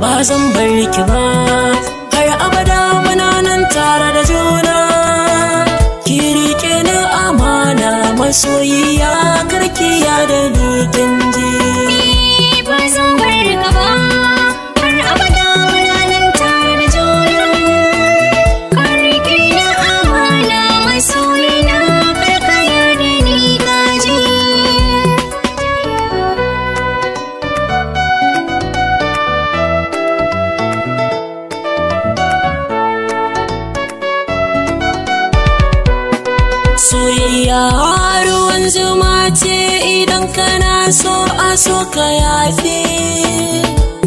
ba zan bari ki ba har abada muna nan tare da juna ki rike ni amana masoyi soyayya ruwan zuma ce idan kana so a so ka yafe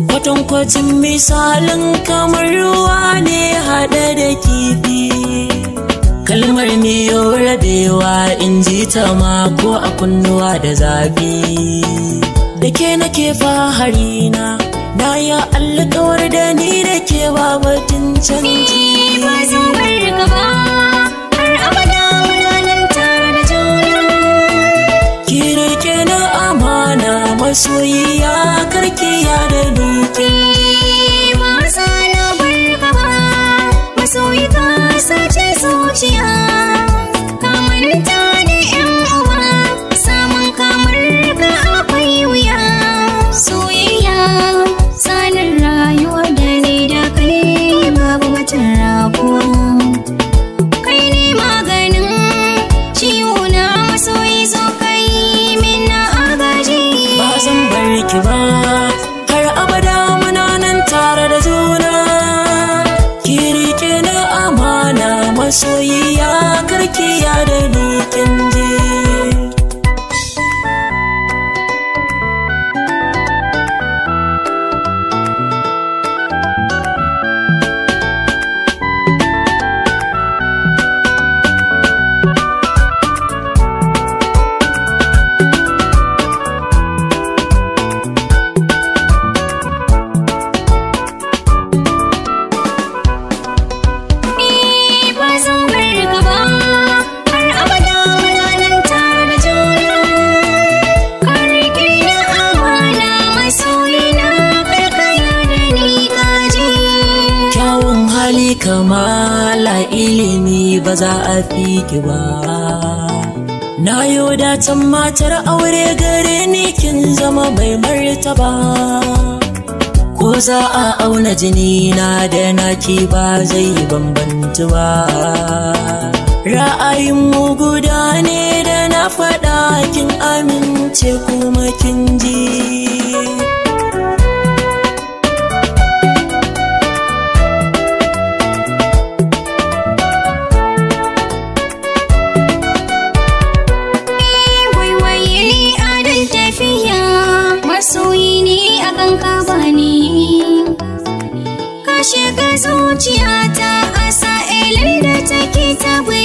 kwatankwacin misalin kamar ruwa ne haɗe da kifi kalmar miyo rabewa in ji ta mako a kunnuwa da zafi da ke nake fahari na na ya alƙawar da ni da ke babatin canji masoyiya karki ya da duki masa na barka masoyi sace zuciya ki ya da ni kamala ilimi ba za a fi ki ba na yi wadatan matar aure gare ni kin zama mai martaba ko za a auna jini na da naki ba zai yi bambantu ba ra'ayin mu guda ne da na faɗa kin amince kuma kin ji zuciyata a sa'ilai da take ta